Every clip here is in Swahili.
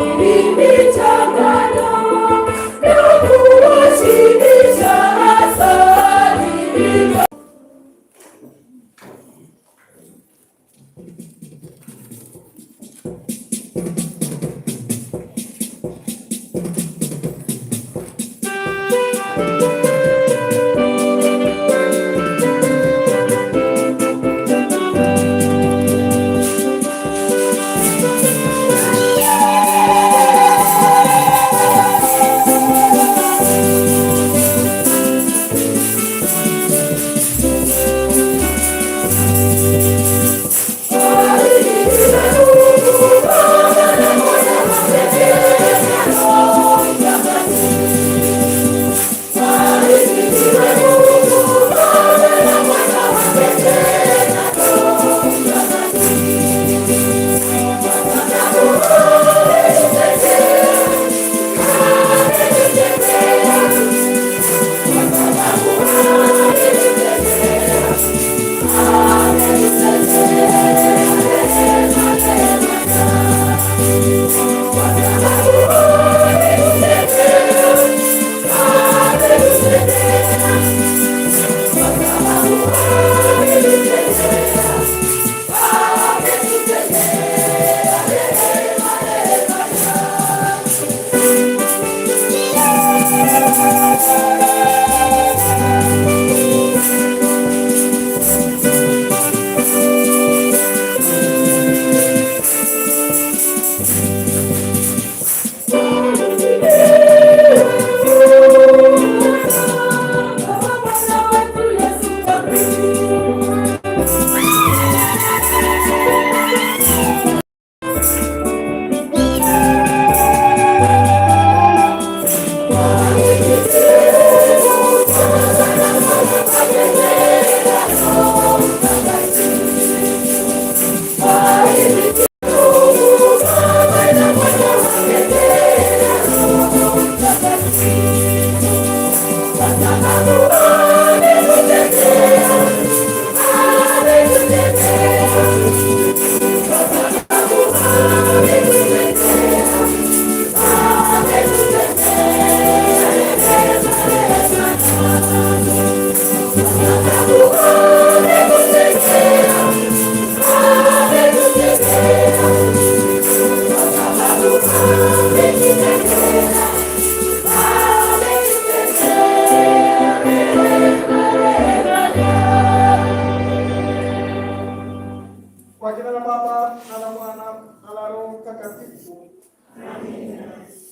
Mimi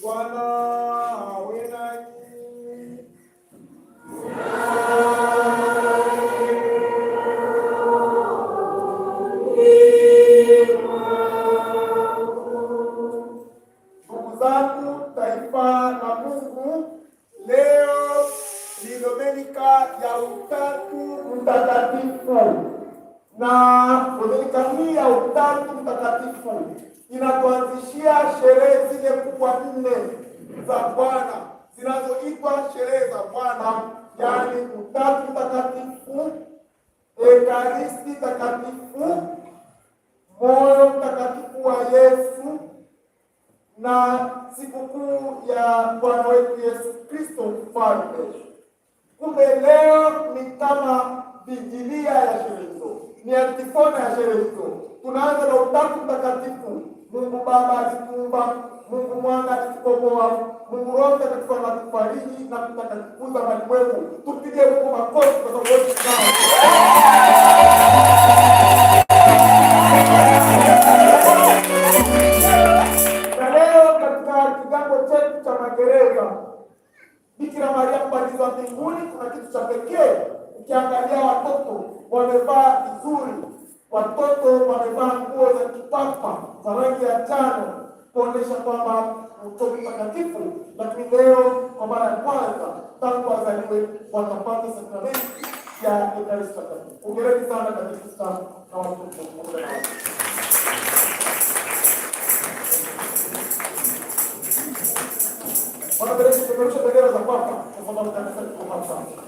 Bwana awe nanyi. Ndugu zangu, taifa la Mungu, leo ni Dominika ya Utatu Mtakatifu na kwenye karne ya Utatu Mtakatifu inatuanzishia sherehe zile kubwa nne za Bwana zinazoitwa sherehe za Bwana, yaani Utatu Mtakatifu, Ekaristi Takatifu, moyo mtakatifu wa Yesu na sikukuu ya Bwana wetu Yesu Kristo Mfalme. Kumbe leo ni kama Vigilia ya Shirito ni antifona ya Shirito. Tunaanza na Utatu Mtakatifu, Mungu Baba akituumba, Mungu Mwana akitukomboa, Mungu Roho Mtakatifu anatufariji na kutakatifuza malimwengu. Tupige Mungu makofi kwa sababu wote na leo katika chetu cha magereza Bikira Maria Mbatizaji Mbinguni kuna kitu cha pekee Ukiangalia watoto wamevaa vizuri, watoto wamevaa nguo za kipapa za rangi ya njano kuonyesha kwamba mtoto mtakatifu. Lakini leo kwa mara ya kwanza tangu wazaliwe watapata sakramenti ya Ekaristi Takatifu. Hongereni sana katekista na watoto pamoja na wanapeleka kupeperusha bendera za papa kwa sababu kanisa liko hapa.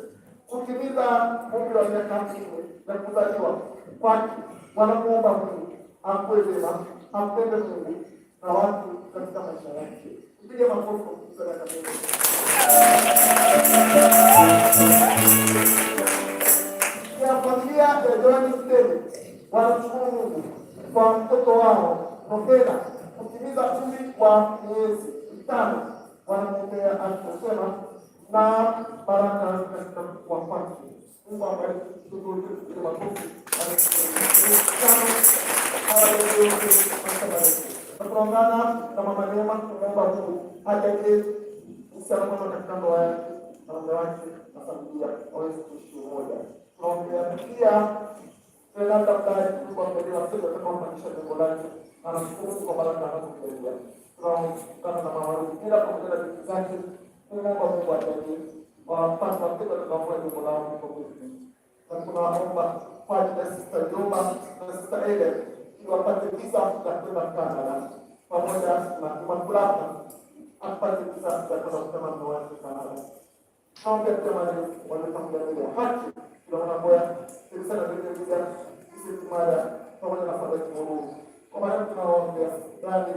kutimiza umri wa miaka hamsini na kuzaliwa kwake wanamuomba Mungu akuwe vema, ampende Mungu na watu katika maisha yake. Mpige makofi sadaka ya familia ya Joan Stein wanamshukuru Mungu kwa mtoto wao Rokena kutimiza umri wa miezi mitano, wanamwombea aliposema na baraka katika kukua kwake. Mungu abariki makofi. Tunaungana na mama Neema kumwomba Mungu ajalie uhusiano mwema katika ndoa yake na mume wake na familia waweze kuishi umoja. Tunaombea pia labda mdaaji kwa mbele wa sisi atakaofanikisha jambo lake na kwa baraka anazokujalia. Tunaungana na mama Rukila pamoja na binti zake كلما قدموا وأنفان منطقة الأموال الملاعب الموجودين لكن فاجلس اليوم نستعيد kuwapatikiza chakula kadhaa pamoja na kuwakulata akupatikiza chakula kama mnawazi kadhaa hawa jamani wanatangulia haki tunaona boya kabisa na vile vile sisi mara pamoja na fadhili kwa maana tunaombea ndani